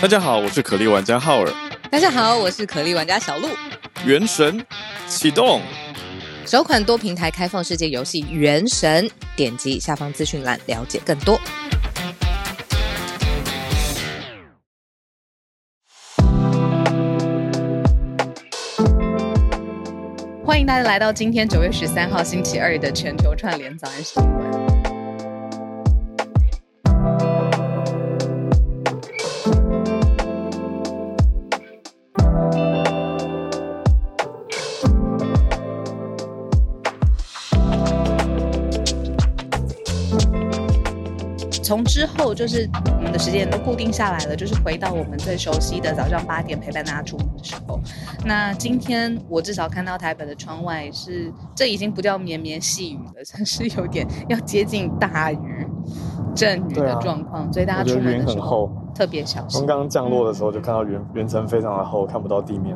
大家好，我是可莉玩家浩爾。大家好，我是可莉玩家小鹿。原神啟動，首款多平台開放世界遊戲《原神》，點擊下方資訊欄了解更多。歡迎大家來到今天九月十三號星期二的全球串聯早安新聞。從之後就是我們的時間都固定下來了，就是回到我們最熟悉的早上八點陪伴大家出門的時候。那今天我至少看到台北的窗外是，這已經不叫綿綿細雨了，算是有點要接近大雨、陣雨的狀況，啊。所以大家出門的時候，我覺得雲很厚，特別小心。剛剛降落的時候就看到雲雲層非常的厚，看不到地面。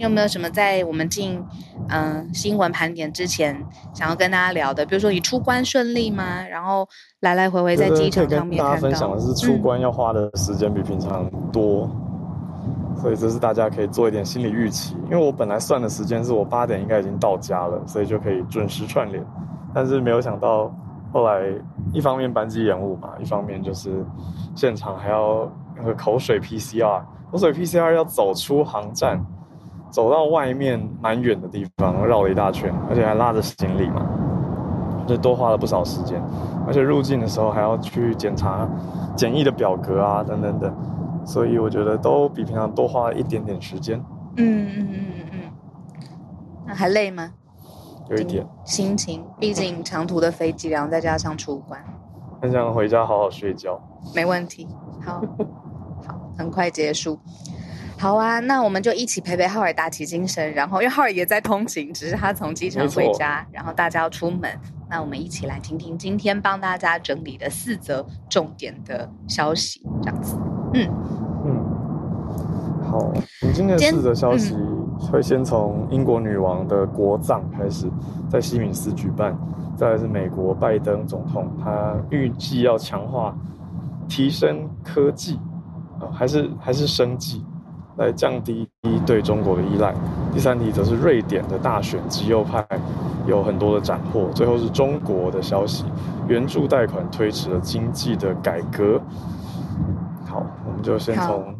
有沒有什麼在我們進，嗯、呃，新聞盤點之前想要跟大家聊的？比如說你出關順利嗎？然後來來回回在機場上面看到，我跟大家分享的是出關要花的時間比平常多、嗯，所以這是大家可以做一點心理預期。因為我本來算的時間是我八點應該已經到家了，所以就可以準時串聯。但是沒有想到後來一方面班機延誤嘛，一方面就是現場還要那個口水 PCR，口水 PCR 要走出航站。走到外面蠻遠的地方，繞了一大圈，而且還拉着行李嘛，就多花了不少時間。而且入境的時候還要去檢查檢疫的表格啊，等等等，所以我覺得都比平常多花了一點點時間。嗯嗯嗯嗯，那、嗯嗯嗯、還累嗎？有一點心情，畢竟長途的飛機， 然後再加上出關，很想回家好好睡覺。沒問題，好， 好，很快結束。好啊，那我們就一起陪陪浩爾，打起精神。然後，因為浩爾也在通勤，只是他從機場回家。然後大家要出門，那我們一起來聽聽今天幫大家整理的四則重點的消息，這樣子。嗯嗯，好，今天的四則消息、嗯、會先從英國女王的國葬開始，在西敏寺舉辦，再來是美國拜登總統，他預計要強化、提升科技，啊、呃，還是還是生技。在降低對中國的依賴。第三題則是瑞典的大選，極右派有很多的斬獲。最後是中國的消息，援助貸款推遲了經濟的改革。好，我們就先從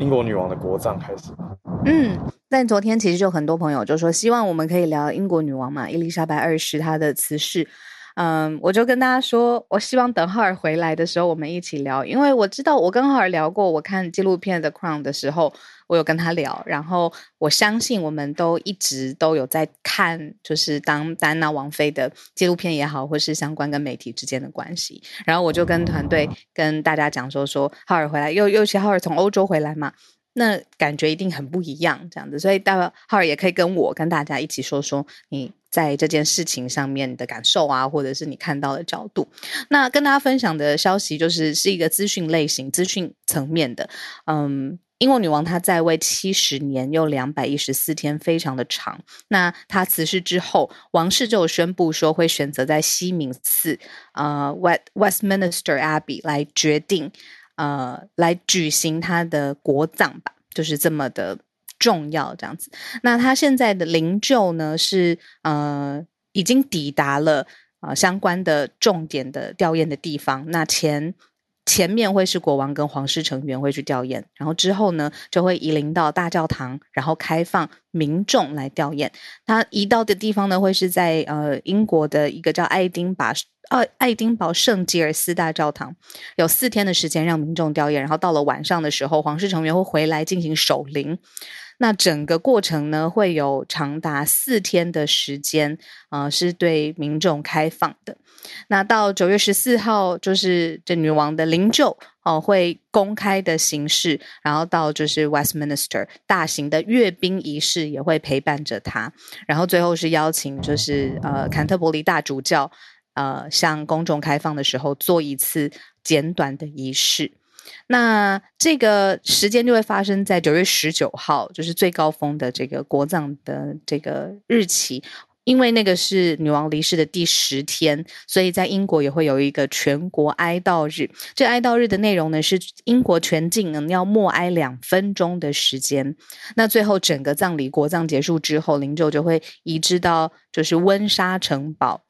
英國女王的國葬開始吧。嗯，但昨天其實就有很多朋友就說希望我們可以聊英國女王嘛，伊麗莎白二世她的辭世。嗯，我就跟大家說，我希望等浩爾回來的時候我們一起聊，因為我知道我跟浩爾回來聊過，我看紀錄片的《The Crown》的時候。我有跟他聊，然後我相信我們都一直都有在看，就是當丹娜王妃的紀錄片也好，或是相關跟媒體之間的關係。然後我就跟團隊跟大家講說，說，說浩爾回來又又，尤其浩爾從歐洲回來嘛，那感覺一定很不一樣這樣子。所以待會浩爾也可以跟我跟大家一起說說你在這件事情上面的感受啊，或者是你看到的角度。那跟大家分享的消息就是是一個資訊類型、資訊層面的，嗯。英國女王她在位七十年又兩百一十四天，非常的長。那她辭世之後，王室，就有宣布說會選擇在西敏寺，呃，West Westminster Abbey 來決定，呃，來舉行她的國葬吧，就是這麼的重要，這樣子。那她現在的靈柩呢，是呃已經抵達了啊、呃、相關的重點的吊唁的地方。那前。前面會是國王跟皇室成員會去弔唁，然後之後呢，就會移靈到大教堂，然後開放民眾來弔唁。他移到的地方呢會是在呃英國的一個叫愛丁堡愛、呃、愛丁堡聖吉爾斯大教堂，有四天的時間讓民眾弔唁。然後到了晚上的時候，皇室成員會回來進行守靈。那整個過程呢會有長達四天的時間，啊、呃、是對民眾開放的。那到九月十四號，就是這女王的靈柩哦，會公開的形式，然後到就是 Westminster 大型的閱兵儀式也會陪伴着她，然後最後是邀請就是呃坎特伯里大主教呃向公眾開放的時候做一次簡短的儀式。那這個時間就會發生在九月十九號，就是最高峰的這個國葬的這個日期。因為那個是女王離世的第十天，所以在英國也會有一個全國哀悼日。這哀悼日的內容呢，是英國全境呢要默哀兩分鐘的時間。那最後整個葬禮國葬結束之後，靈柩就會移至到就是溫莎城堡，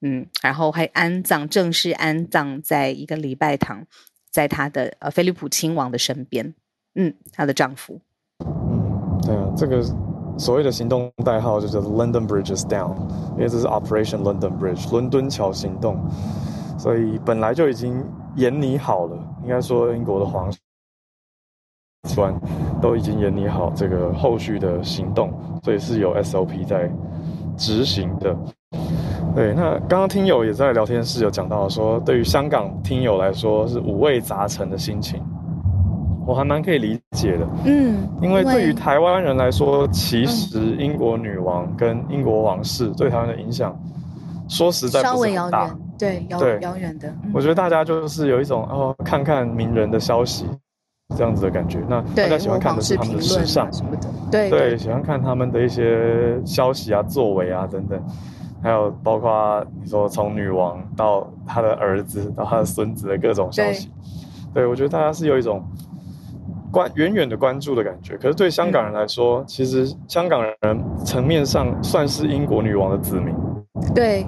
嗯，然後還安葬，正式安葬在一個禮拜堂，在她的呃菲利普親王的身邊，嗯，她的丈夫，嗯，對啊，這個。所謂的行動代號就叫 London Bridge is Down，因為這是 Operation London Bridge，倫敦橋行動。所以本來就已經研擬好了，應該說英國的皇室官都已經研擬好這個後續的行動，所以是有 SOP 在執行的。對，那剛剛聽友也在聊天室有講到說，對於香港聽友來說是五味雜陳的心情。我還蠻可以理解的，嗯，因為對於台灣人來說、嗯，其實英國女王跟英國王室對台灣的影響，說實在不是很大，稍微遙遠，對，遙遙遠，嗯、對，遙遠的。我覺得大家就是有一種哦，看看名人的消息，這樣子的感覺。那大家喜歡看的是他們的時尚什麼的，對，對，對，喜歡看他們的一些消息啊、作為啊等等，還有包括你說從女王到他的兒子到他的孫子的各種消息，對，對我覺得大家是有一種。關遠遠的關注的感覺，可是對香港人來說，嗯、其實香港人層面上算是英國女王的子民，對，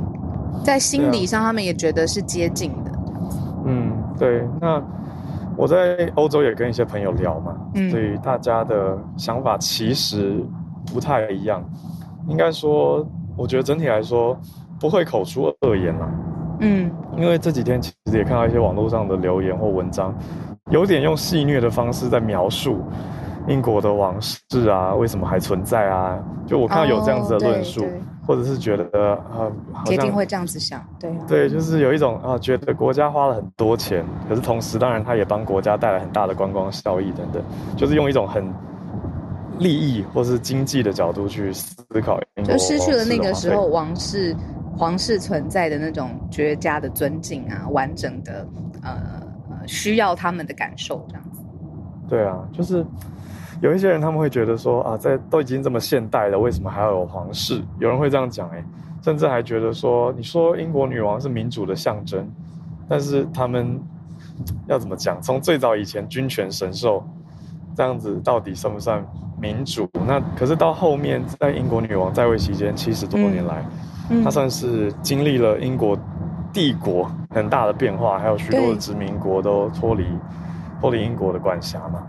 在心理上他們也覺得是接近的、啊。嗯，對。那我在歐洲也跟一些朋友聊嘛，嗯，對於大家的想法其實不太一樣，應該說，我覺得整體來說不會口出惡言啦、啊。嗯，因為這幾天其實也看到一些網絡上的留言或文章，有點用戲謔的方式在描述英國的王室啊，為什麼還存在啊？就我看到有這樣子的論述，哦、或者是覺得啊，決定會這樣子想，對、啊、對，就是有一種啊，覺得國家花了很多錢，可是同時當然他也幫國家帶來很大的觀光效益等等，就是用一種很利益或是經濟的角度去思考英國，就失去了那個時候王室。皇室存在的那種絕佳的尊敬啊，完整的呃需要他們的感受這樣子。對啊，就是有一些人他們會覺得說啊，在都已經這麼現代了，為什麼還要有皇室？有人會這樣講哎，甚至還覺得說，你說英國女王是民主的象徵，但是他們要怎麼講？從最早以前君權神授這樣子，到底算不算民主？那可是到後面，在英國女王在位期間七十多年來。嗯它、嗯、算是經歷了英國帝國很大的變化，還有許多的殖民國都脫離脫離英國的管轄嘛。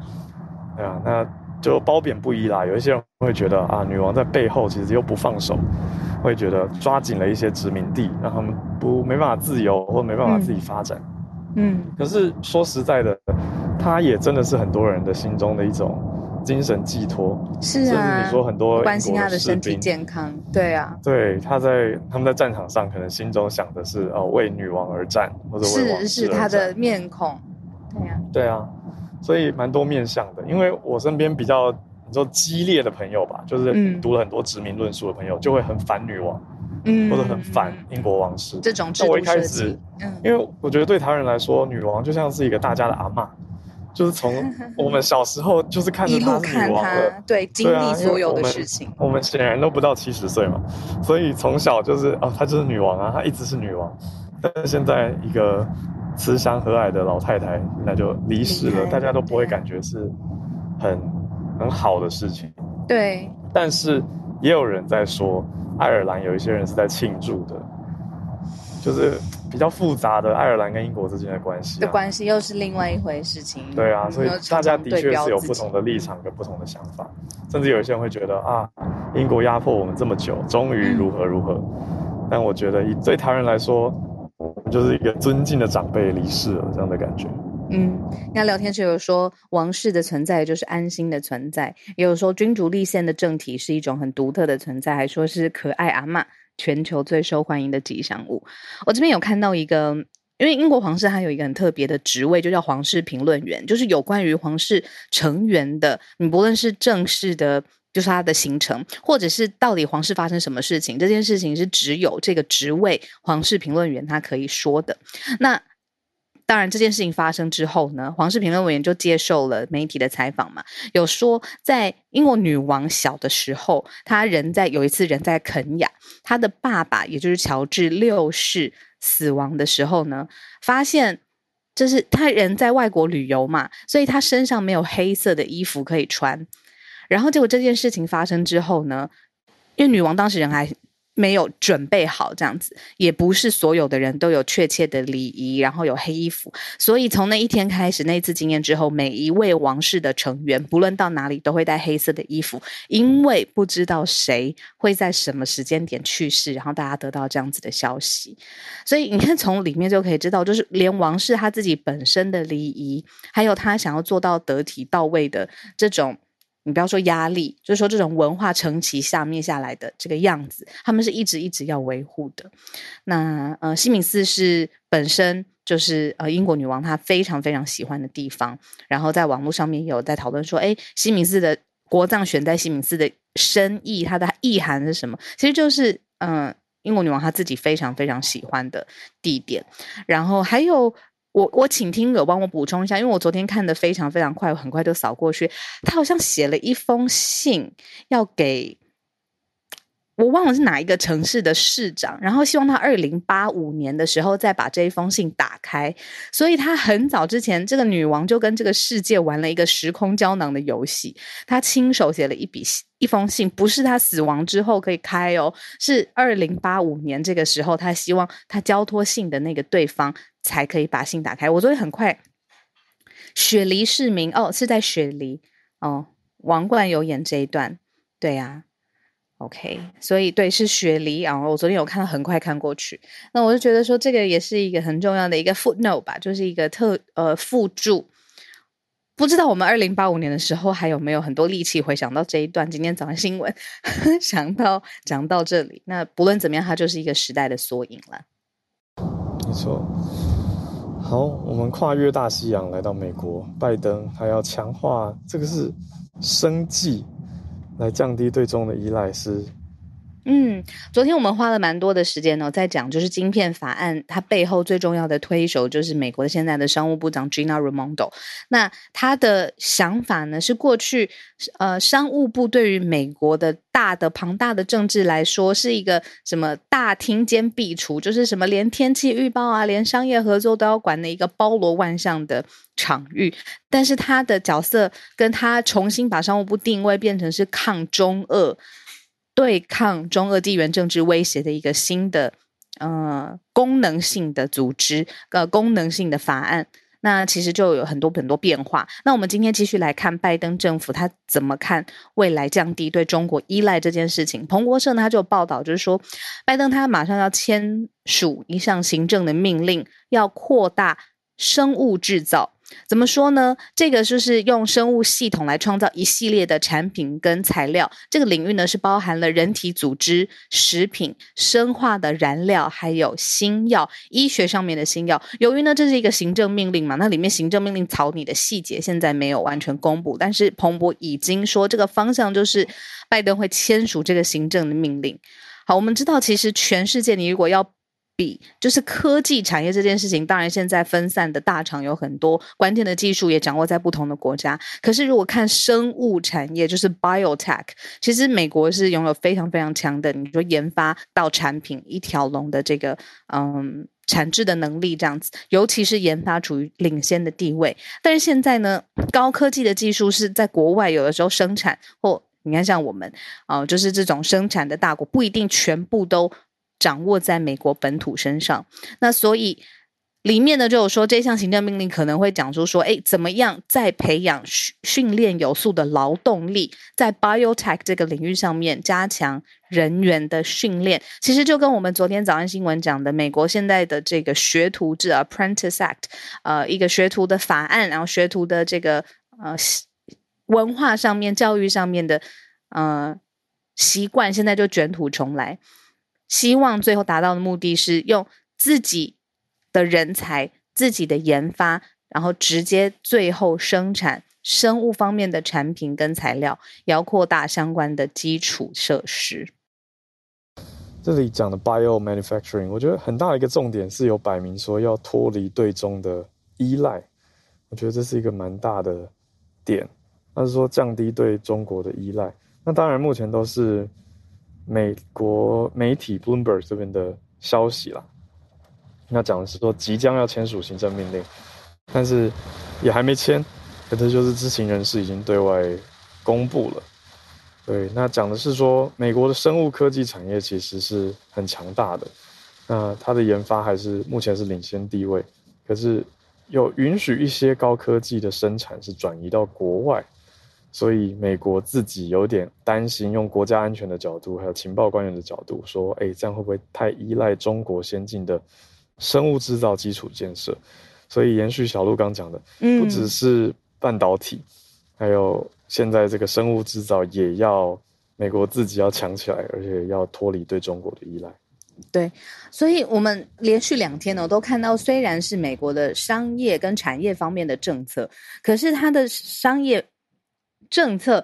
對啊，那就褒貶不一啦。有一些人會覺得啊，女王在背後其實又不放手，會覺得抓緊了一些殖民地，讓他們不沒辦法自由或沒辦法自己發展。嗯，嗯。可是說實在的，她也真的是很多人的心中的一種。精神寄託。是啊，你說很多關心他的身體健康，對啊，對，他在他們在戰場上可能心中想的是哦、呃，為女王而戰，或者而戰，是是他的面孔，對啊，對啊，所以蠻多面向的。因為我身邊比較你說激烈的朋友吧，就是讀了很多殖民論述的朋友，嗯、就會很反女王，嗯，或者很反英國王室這種制度設計。嗯，因為我覺得對台灣人來說，女王就像是一個大家的阿嬤。就是從我們小時候就是看着她女王 看他，對，經歷所有的事情，啊、我們顯然都不到七十歲嘛，所以從小就是啊、哦，她就是女王啊，她一直是女王。但是現在一個慈祥和藹的老太太，那就離世了，大家都不會感覺是很很好的事情。對，但是也有人在說，愛爾蘭有一些人是在慶祝的，就是。比較複雜的愛爾蘭跟英國之間的關係，的關係又是另外一回事情。對啊，所以大家的確是有不同的立場跟不同的想法，甚至有些人會覺得啊，英國壓迫我們這麼久，終於如何如何。但我覺得，以對台灣人來說，就是一個尊敬的長輩離世了這樣的感覺。嗯，那聊天室有說王室的存在就是安心的存在，也有說君主立憲的政體是一種很獨特的存在，還說是可愛阿嬤。全球最受歡迎的吉祥物。我這邊有看到一個，因為英國皇室它有一個很特別的職位，就叫皇室評論員，就是有關於皇室成員的，你不論是正式的，就是他的行程，或者是到底皇室發生什麼事情，這件事情是只有這個職位皇室評論員他可以說的。那當然，這件事情發生之後呢，皇室評論委員就接受了媒體的採訪嘛，有說在英國女王小的時候，她人在有一次人在肯雅，她的爸爸也就是喬治六世死亡的時候呢，發現就是她人在外國旅遊嘛，所以她身上沒有黑色的衣服可以穿，然後結果這件事情發生之後呢，因為女王當時人還沒有準備好這樣子，也不是所有的人都有確切的禮儀，然後有黑衣服。所以從那一天開始，那一次經驗之後，每一位王室的成員，不論到哪裡都會帶黑色的衣服，因為不知道誰會在什麼時間點去世，然後大家得到這樣子的消息。所以你看，從裡面就可以知道，就是連王室他自己本身的禮儀，還有他想要做到得體到位的這種。你不要說壓力，就是說這種文化承襲下面下來的這個樣子，他們是一直一直要維護的。那呃，西敏寺是本身就是呃英國女王她非常非常喜歡的地方，然後在網絡上面也有在討論說，哎，西敏寺的國葬選在西敏寺的深意，它的意涵是什麼？其實就是嗯、呃，英國女王她自己非常非常喜歡的地點，然後還有。我我，請聽友幫我補充一下，因為我昨天看的非常非常快，我很快就掃過去。他好像寫了一封信要給。我忘了是哪一個城市的市長，然後希望他二零八五年的時候再把這一封信打開。所以他很早之前，這個女王就跟這個世界玩了一個時空膠囊的遊戲。她親手寫了一筆一封信，不是她死亡之後可以開哦，是二零八五年這個時候，她希望她交托信的那個對方才可以把信打開。我昨天很快，雪梨市民哦，是在雪梨哦，王冠有演這一段，對呀，啊。OK，所以對，是雪梨然後，啊、我昨天有看，很快看過去。那我就覺得說，這個也是一個很重要的一個 footnote 吧，就是一個特、呃附註。不知道我們二零八五年的時候還有沒有很多力氣回想到這一段？今天早上新聞，想到講到這裡。那不論怎麼樣，它就是一個時代的縮影了。沒錯。好，我們跨越大西洋來到美國，拜登還要強化這個是生技。來降低對中的依賴是。嗯，昨天我們花了蠻多的時間呢、哦，在講就是晶片法案它背後最重要的推手就是美國現在的商務部長 Gina Raimondo。那他的想法呢，是過去呃商務部對於美國的大的龐大的政治來說，是一個什麼大廳兼壁櫥，就是什麼連天氣預報啊，連商業合作都要管的一個包羅萬象的場域。但是他的角色跟他重新把商務部定位變成是抗中俄。對抗中俄地緣政治威脅的一個新的呃功能性的組織，呃功能性的法案，那其實就有很多很多變化。那我們今天繼續來看拜登政府他怎麼看未來降低對中國依賴這件事情。彭博社呢，他就報道就是說，拜登他馬上要簽署一項行政的命令，要擴大生物制造。怎麼說呢？這個就是用生物系統來創造一系列的產品跟材料。這個領域呢，是包含了人體組織、食品、生化的燃料，還有新藥，醫學上面的新藥。由於呢，這是一個行政命令嘛，那裡面行政命令草擬的細節現在沒有完全公布，但是彭博已經說這個方向就是拜登會簽署這個行政的命令。好，我們知道，其實全世界，你如果要。比就是科技產業這件事情，當然現在分散的大廠有很多，關鍵的技術也掌握在不同的國家。可是如果看生物產業，就是 biotech，其實美國是擁有非常非常強的，你說研發到產品一條龍的這個嗯，產製的能力這樣子，尤其是研發處於領先的地位。但是現在呢，高科技的技術是在國外有的時候生產，或你看像我們啊、呃，就是這種生產的大國不一定全部都。掌握在美國本土身上，那所以裡面呢，就有說這項行政命令可能會講出說，哎，怎麼樣在培養訓練有素的勞動力，在 biotech 這個領域上面加強人員的訓練。其實就跟我們昨天早安新聞講的，美國現在的這個學徒制 （apprentice act） 呃，一個學徒的法案，然後學徒的這個呃文化，上面、教育上面的呃習慣，現在就捲土重來。希望最後達到的目的是用自己的人才、自己的研發，然後直接最後生產生物方面的產品跟材料，也要擴大相關的基礎設施。這裡講的 bio manufacturing，我覺得很大的一個重點是有擺明說要脫離對中的依賴，我覺得這是一個蠻大的點。那是說降低對中國的依賴，那當然目前都是。美國媒體 Bloomberg 這邊的消息啦，那講的是說即將要簽署行政命令，但是也還沒簽，可能就是知情人士已經對外公布了。對，那講的是說美國的生物科技產業其實是很強大的，那它的研發還是目前是領先地位，可是又允許一些高科技的生產是轉移到國外。所以美國自己有點擔心，用國家安全的角度，還有情報官員的角度說：“哎、欸，這樣會不會太依賴中國先進的生物制造基礎建設？”所以延續小鹿剛講的，不只是半導體，嗯、還有現在這個生物制造也要美國自己要強起來，而且要脫離對中國的依賴。對，所以我們連續兩天呢，都看到，雖然是美國的商業跟產業方面的政策，可是它的商業。政策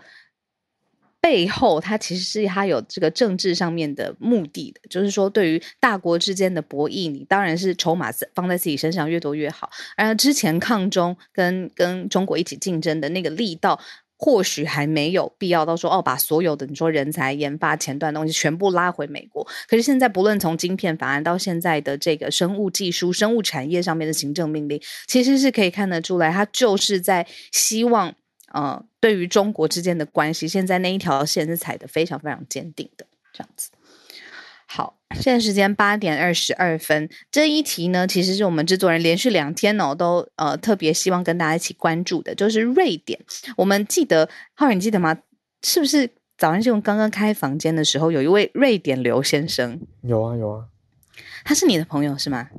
背後，它其實是它有這個政治上面的目的的，就是說，對於大國之間的博弈，你當然是籌碼放在自己身上越多越好。而之前抗中跟跟中國一起競爭的那個力道，或許還沒有必要到說哦，把所有的你說人才、研發、前端東西全部拉回美國。可是現在，不論從晶片法案到現在的這個生物技術、生物產業上面的行政命令，其實是可以看得出來，它就是在希望。嗯、呃，對於中國之間的關係，現在那一條線是踩得非常非常堅定的這樣子。好，現在時間八點二十二分。這一題呢，其實是我們制作人連續兩天哦，都呃特別希望跟大家一起關注的，就是瑞典。我們記得浩爾，你記得嗎？是不是早上就剛剛開房間的時候，有一位瑞典劉先生？有啊，有啊。他是你的朋友是嗎？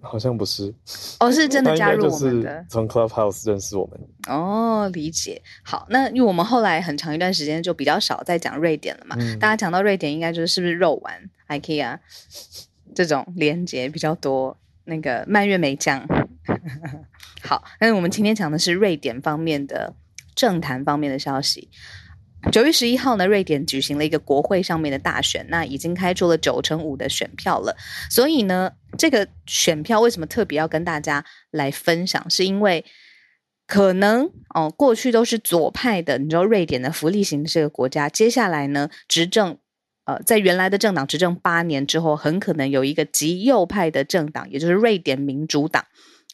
好像不是，哦，是真的加入我們的，從 Clubhouse 認識我們。哦，理解。好，那因為我們後來很長一段時間就比較少再講瑞典了嘛，嗯、大家講到瑞典，應該就是是不是肉丸、IKEA 這種連接比較多，那個蔓越莓醬。 好，那我們今天講的是瑞典方面的政壇方面的消息。九月十一號呢，瑞典舉行了一個國會上面的大選，那已經開出了九成五的選票了。所以呢，這個選票為什麼特別要跟大家來分享？是因為可能哦，呃，過去都是左派的，你知道瑞典的福利型這個國家，接下來呢，執政呃，在原來的政黨執政八年之後，很可能有一個極右派的政黨，也就是瑞典民主黨，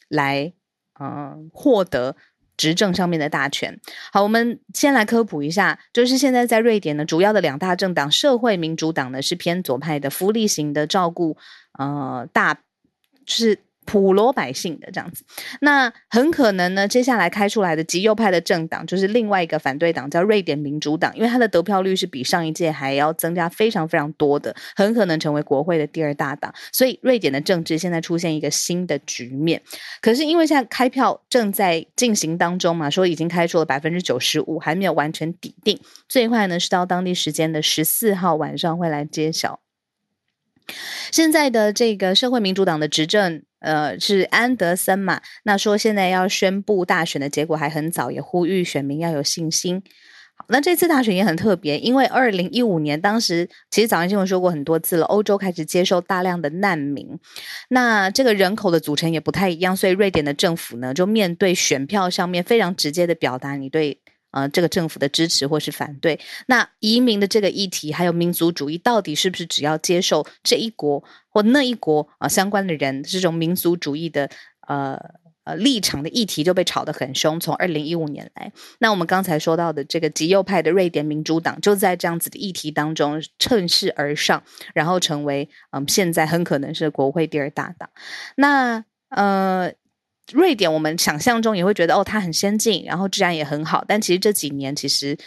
來嗯，呃，獲得。執政上面的大權，好，我們先來科普一下，就是現在在瑞典呢，主要的兩大政黨，社會民主黨呢是偏左派的，福利型的照顧，呃，大，是。普羅百姓的這樣子，那很可能呢，接下來開出來的極右派的政黨就是另外一個反對黨，叫瑞典民主黨，因為它的得票率是比上一屆還要增加非常非常多的，很可能成為國會的第二大黨。所以，瑞典的政治現在出現一個新的局面。可是，因為現在開票正在進行當中嘛，說已經開出了百分之九十五，還沒有完全底定，最快呢是到當地時間的十四號晚上會來揭曉。現在的這個社會民主黨的執政。呃，是安德森嘛？那說現在要宣布大選的結果還很早，也呼籲選民要有信心。好，那這次大選也很特別，因為二零一五年當時其實早安新聞說過很多次了，歐洲開始接受大量的難民，那這個人口的組成也不太一樣，所以瑞典的政府呢就面對選票上面非常直接的表達你對。呃，這個政府的支持或是反對，那移民的這個議題，還有民族主義，到底是不是只要接受這一國或那一國啊、呃、相關的人這種民族主義的呃呃立場的議題就被炒得很兇？從二零一五年來，那我們剛才說到的這個極右派的瑞典民主黨，就在這樣子的議題當中趁勢而上，然後成為嗯、呃、現在很可能是國會第二大黨。那呃。瑞典，我們想象中也會覺得哦，它很先進，然後治安也很好，但其實這幾年其實，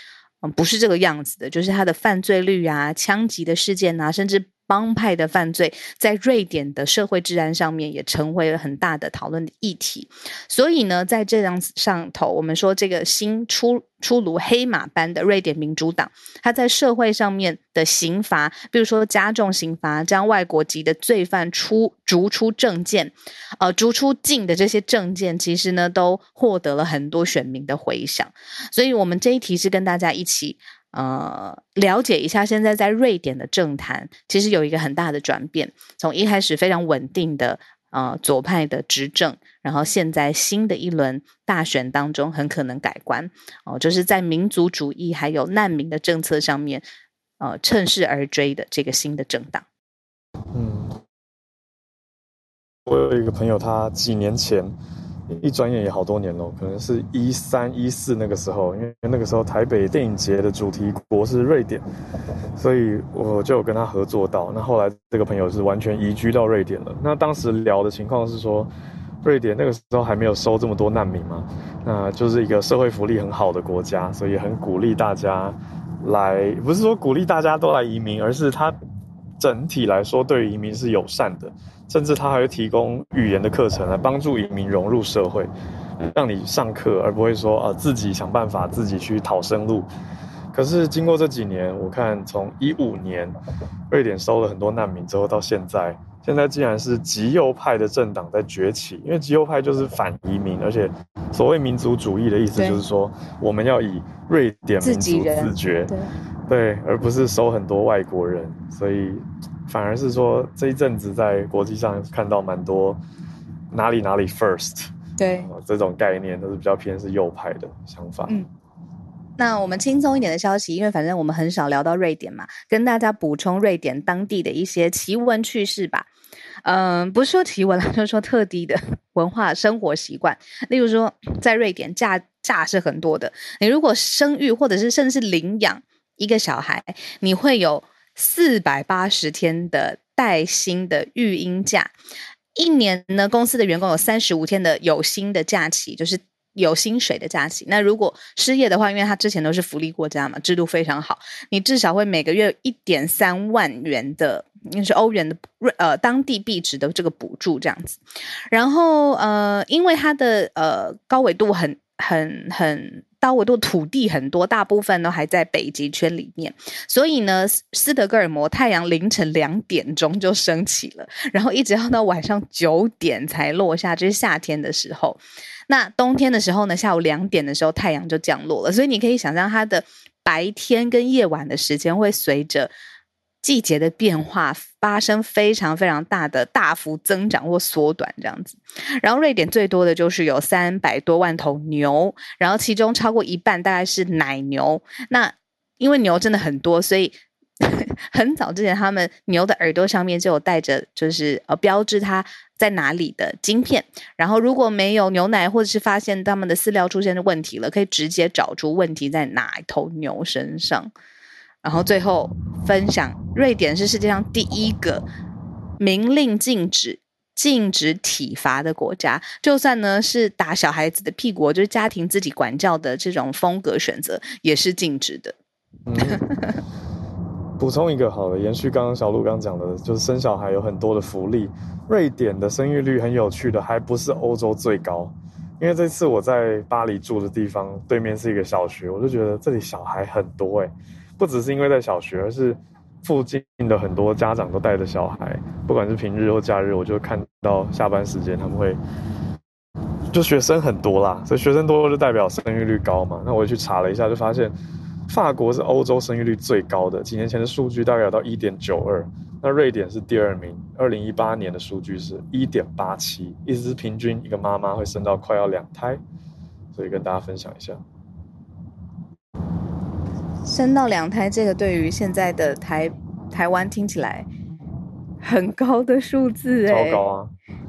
嗯，不是這個樣子的，就是它的犯罪率啊、槍擊的事件啊，甚至。幫派的犯罪在瑞典的社會治安上面也成為了很大的討論的議題。所以呢，在這張上頭，我們說這個新出出爐黑馬般的瑞典民主黨，他在社會上面的刑罰，比如說加重刑罰，將外國籍的罪犯出逐出政件，呃，逐出境的這些政見，其實呢，都獲得了很多選民的回響。所以，我們這一題是跟大家一起。呃，了解一下，現在在瑞典的政壇其實有一個很大的轉變，從一開始非常穩定的呃左派的執政，然後現在新的一輪大選當中很可能改觀哦，呃，就是在民族主義還有難民的政策上面，呃趁勢而追的這個新的政黨。嗯，我有一個朋友，他幾年前。一轉眼也好多年了，可能是一三一四那個時候，因為那個時候台北電影節的主題國是瑞典，所以我就有跟他合作到。那後來這個朋友是完全移居到瑞典了。那當時聊的情況是說，瑞典那個時候還沒有收這麼多難民嘛，那就是一個社會福利很好的國家，所以很鼓勵大家來，不是說鼓勵大家都來移民，而是他。整體來說，對於移民是友善的，甚至它還會提供語言的課程來幫助移民融入社會，讓你上課，而不會說啊、呃、自己想辦法自己去討生路。可是經過這幾年，我看從一五年，瑞典收了很多難民之後到現在，現在竟然是極右派的政黨在崛起，因為極右派就是反移民，而且所謂民族主義的意思就是說，我們要以瑞典民族自覺。自對，而不是收很多外國人，所以反而是說這一陣子在國際上看到蠻多哪裡哪裡 first，對、呃，這種概念都是比較偏是右派的想法。嗯，那我們輕鬆一點的消息，因為反正我們很少聊到瑞典嘛，跟大家補充瑞典當地的一些奇聞趣事吧。嗯、呃，不是說奇聞了，而就是說特地的文化生活習慣，例如說在瑞典假假是很多的，你如果生育或者是甚至是領養。一個小孩，你會有四百八十天的帶薪的育嬰假。一年呢，公司的員工有三十五天的有薪的假期，就是有薪水的假期。那如果失業的話，因為他之前都是福利國家嘛，制度非常好，你至少會每個月一點三萬元的，那是歐元的呃當地幣值的這個補助這樣子。然後呃，因為它的呃高緯度很很很。很高緯度土地很多，大部分都還在北極圈裡面，所以呢，斯德哥爾摩太陽凌晨兩點鐘就升起了，然後一直要到到晚上九點才落下，這就是夏天的時候。那冬天的時候呢，下午兩點的時候太陽就降落了，所以你可以想象它的白天跟夜晚的時間會隨着。季節的變化發生非常非常大的大幅增長或縮短這樣子，然後瑞典最多的就是有三百多萬頭牛，然後其中超過一半大概是奶牛。那因為牛真的很多，所以 很早之前他們牛的耳朵上面就有帶着就是呃標誌它在哪裡的晶片。然後如果沒有牛奶，或者是發現他們的飼料出現的問題了，可以直接找出問題在哪一頭牛身上。然後最後分享，瑞典是世界上第一個明令禁止禁止體罰的國家。就算呢是打小孩子的屁股，就是家庭自己管教的這種風格選擇，也是禁止的。嗯，補充一個好了，延續剛剛小鹿剛講的，就是生小孩有很多的福利。瑞典的生育率很有趣的，還不是歐洲最高。因為這次我在巴黎住的地方對面是一個小學，我就覺得這裡小孩很多哎、欸。不只是因為在小學，而是附近的很多家長都帶着小孩，不管是平日或假日，我就看到下班時間他們會，就學生很多啦，所以學生多，多就代表生育率高嘛。那我去查了一下，就發現法國是歐洲生育率最高的，幾年前的數據大概有到一點九二，那瑞典是第二名，二零一八年的數據是一點八七，意思是平均一個媽媽會生到快要兩胎，所以跟大家分享一下。生到兩胎，這個對於現在的台台灣聽起來很高的數字。哎、欸，超高啊！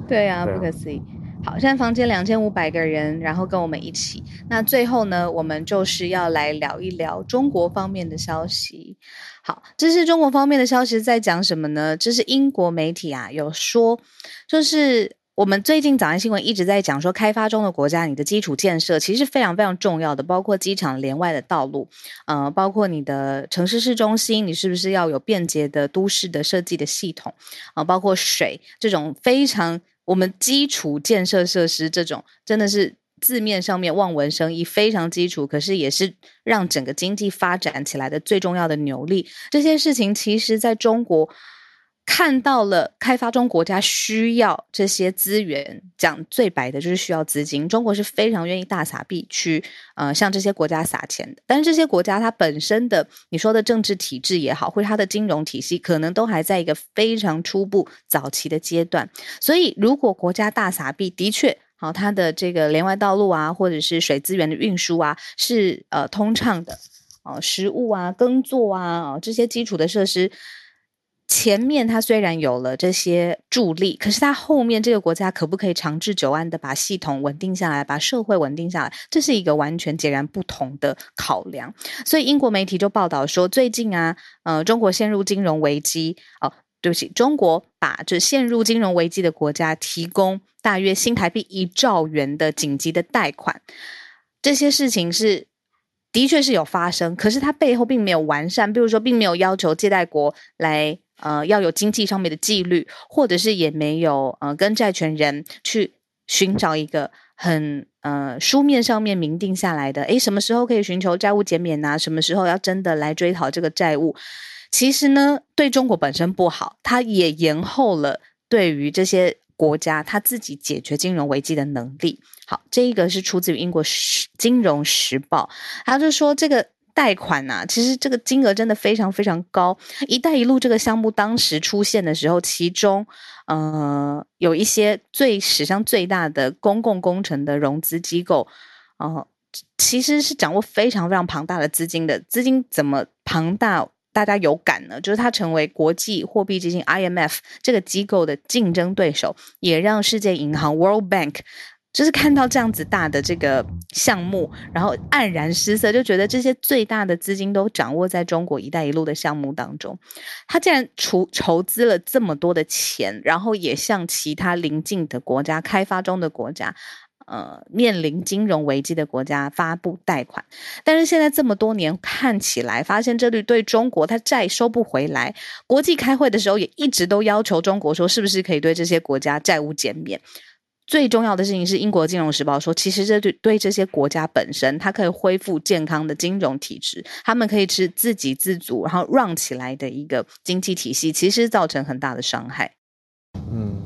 對啊，不可思議、啊。好，現在房間兩千五百個人，然後跟我們一起。那最後呢，我們就是要來聊一聊中國方面的消息。好，這是中國方面的消息在講什麼呢？這是英國媒體啊，有說就是。我們最近早安新聞一直在講說，開發中的國家，你的基礎建設其實非常非常重要的，包括機場連外的道路，呃，包括你的城市市中心，你是不是要有便捷的都市的設計的系統啊？呃，包括水這種非常我們基礎建設設施，這種真的是字面上面望文生義，非常基礎，可是也是讓整個經濟發展起來的最重要的扭力。這些事情其實在中國。看到了，開發中國家需要這些資源，講最白的就是需要資金。中國是非常願意大撒幣去，呃，向這些國家撒錢的。但是這些國家它本身的，你說的政治體制也好，或者它的金融體系，可能都還在一個非常初步、早期的階段。所以，如果國家大撒幣的確好，哦，它的這個連外道路啊，或者是水資源的運輸啊，是呃通暢的，呃，哦，食物啊、耕作啊，哦，這些基礎的設施。前面他雖然有了這些助力，可是他後面這個國家可不可以長治久安的把系統穩定下來，把社會穩定下來，這是一個完全截然不同的考量。所以英國媒體就報道說，最近啊，呃，中國陷入金融危機。哦，對不起，中國把就陷入金融危機的國家提供大約新台幣一兆元的緊急的貸款，這些事情是的確是有發生，可是它背後並沒有完善，比如說並沒有要求借貸國來。呃，要有經濟上面的紀律，或者是也沒有，呃，跟債權人去尋找一個很呃書面上面明定下來的，誒，什麼時候可以尋求債務減免吶、啊？什麼時候要真的來追討這個債務？其實呢，對中國本身不好，它也延後了對於這些國家它自己解決金融危機的能力。好，這一個是出自於英國《金融時報》，它就說這個。貸款吶、啊，其實這個金額真的非常非常高。“一帶一路”這個項目當時出現的時候，其中呃有一些最史上最大的公共工程的融資機構哦、呃，其實是掌握非常非常龐大的資金的。資金怎麼龐大？大家有感呢？就是它成為國際貨幣基金 IMF 這個機構的競爭對手，也讓世界銀行 World Bank。就是看到這樣子大的這個項目，然後黯然失色，就覺得這些最大的資金都掌握在中國“一帶一路”的項目當中。他竟然籌籌資了這麼多的錢，然後也向其他鄰近的國家、開發中的國家、呃面臨金融危機的國家發布貸款。但是現在這麼多年看起來，發現這裡對中國他債收不回來。國際開會的時候也一直都要求中國說，是不是可以對這些國家債務減免？最重要的事情是，英國金融時報說，其實這對對這些國家本身，它，可以恢復健康的金融體制，他們可以是自給自足，然後 run 起來的一個經濟體系，其實造成很大的傷害。嗯，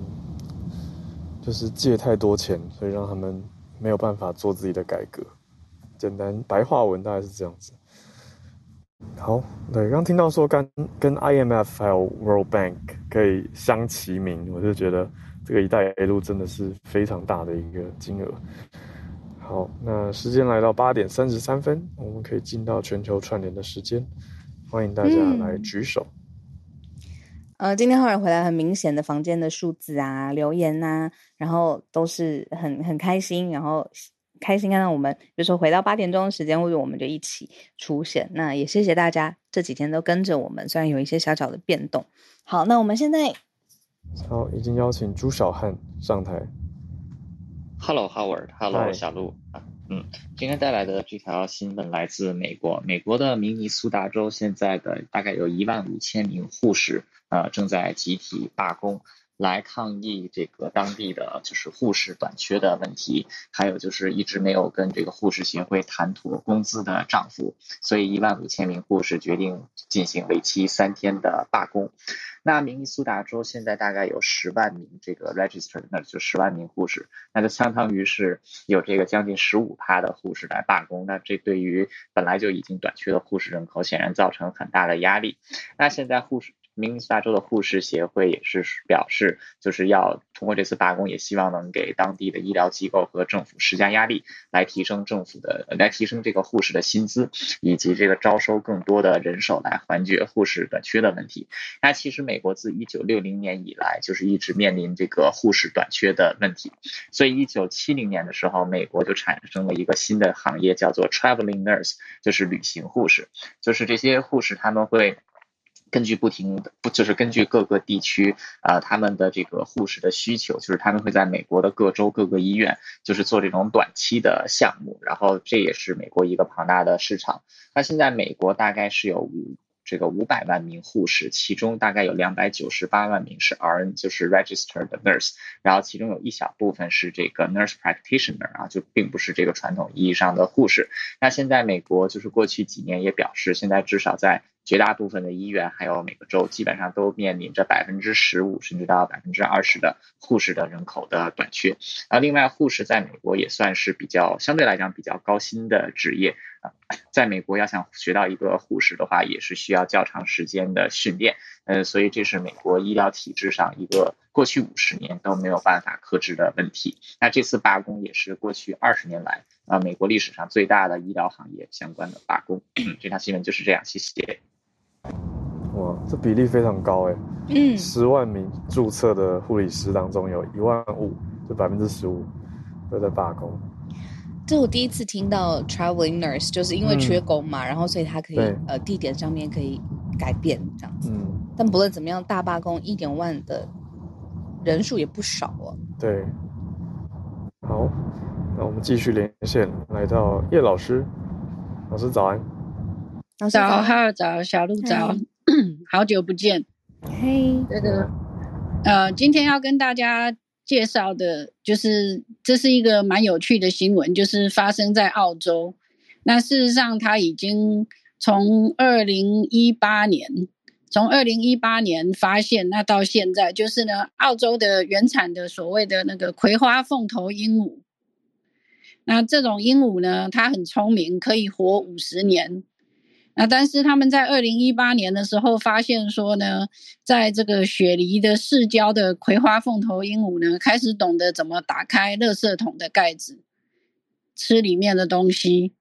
就是借太多錢，所以讓他們沒有辦法做自己的改革。簡單白話文大概是這樣子。好，對，剛聽到說跟跟 IMF 還有 World Bank 可以相齊名，我就覺得。這個“一帶一路”真的是非常大的一個金額。好，那時間來到八點三十三分，我們可以進到全球串聯的時間，歡迎大家來舉手。嗯、呃，今天後來回來很明顯的房間的數字啊，留言吶、啊，然後都是很很開心，然後開心看到我們，比如說回到八點鐘的時間，或者我們就一起出現。那也謝謝大家這幾天都跟着我們，雖然有一些小小的變動。好，那我們現在。好，已經邀請豬小 han 上臺。Hello，Howard，Hello，小路啊，嗯，今天帶來的這條新聞來自美國，美國的明尼蘇達州現在的大概有一萬五千名護士啊，呃，正在集體罷工。來抗議這個當地的就是護士短缺的問題，還有就是一直沒有跟這個護士協會談妥工資的漲幅，所以一萬五千名護士決定進行為期三天的罷工。那明尼蘇達州現在大概有十萬名這個 registered 那就十萬名護士，那就相當於是有這個將近十五趴的護士來罷工。那這對於本來就已經短缺的護士人口，顯然造成很大的壓力。那現在護士。明尼蘇達州的護士協會也是表示，就是要通過這次罷工，也希望能給當地的醫療機構和政府施加壓力，來提升政府的，來提升這個護士的薪資，以及這個招收更多的人手來緩解護士短缺的問題。那其實美國自一九六零年以來，就是一直面臨這個護士短缺的問題。所以一九七零年的時候，美國就產生了一個新的行業，叫做 traveling nurse，就是旅行護士。就是這些護士他們會。根據不停的不就是根據各個地區啊、呃、他們的這個護士的需求，就是他們會在美國的各州各個醫院就是做這種短期的項目，然後這也是美國一個龐大的市場。那現在美國大概是有五這個五百萬名護士，其中大概有兩百九十八萬名是 RN，就是 Registered Nurse，然後其中有一小部分是這個 Nurse Practitioner 啊，就並不是這個傳統意義上的護士。那現在美國就是過去幾年也表示，現在至少在。絕大部分的醫院還有每個州基本上都面臨着百分之十五甚至到百分之二十的護士的人口的短缺。那另外，護士在美國也算是比較相對來講比較高薪的職業。在美國要想學到一個護士的話，也是需要較長時間的訓練。嗯，所以這是美國醫療體制上一個過去五十年都沒有辦法克制的問題。那這次罷工也是過去二十年來啊、呃，美國歷史上最大的醫療行業相關的罷工。 這條新聞就是這樣。謝謝。哇，這比例非常高誒。嗯，十萬名注冊的護理師當中有一萬五，就百分之十五都在罷工。這我第一次聽到 traveling nurse，就是因為缺工嘛、嗯，然後所以他可以呃地點上面可以，改變這樣子，嗯、但不論怎麼樣大，大罷工一點五萬的人數也不少哦、啊。對，好，那我們繼續連線，來到葉老師，老師早安，早好，早，早小路早、hey. 好久不見，嘿、hey.，對的、yeah. 呃，今天要跟大家介紹的，就是這是一個蠻有趣的新聞，就是發生在澳洲，那事實上他已經。從二零一八年，從二零一八年發現那到現在，就是呢，澳洲的原產的所謂的那個葵花鳳頭鸚鵡，那這種鸚鵡呢，它很聰明，可以活五十年。那但是他們在二零一八年的時候發現說呢，在這個雪梨的市郊的葵花鳳頭鸚鵡呢，開始懂得怎麼打開垃圾桶的蓋子，吃裡面的東西。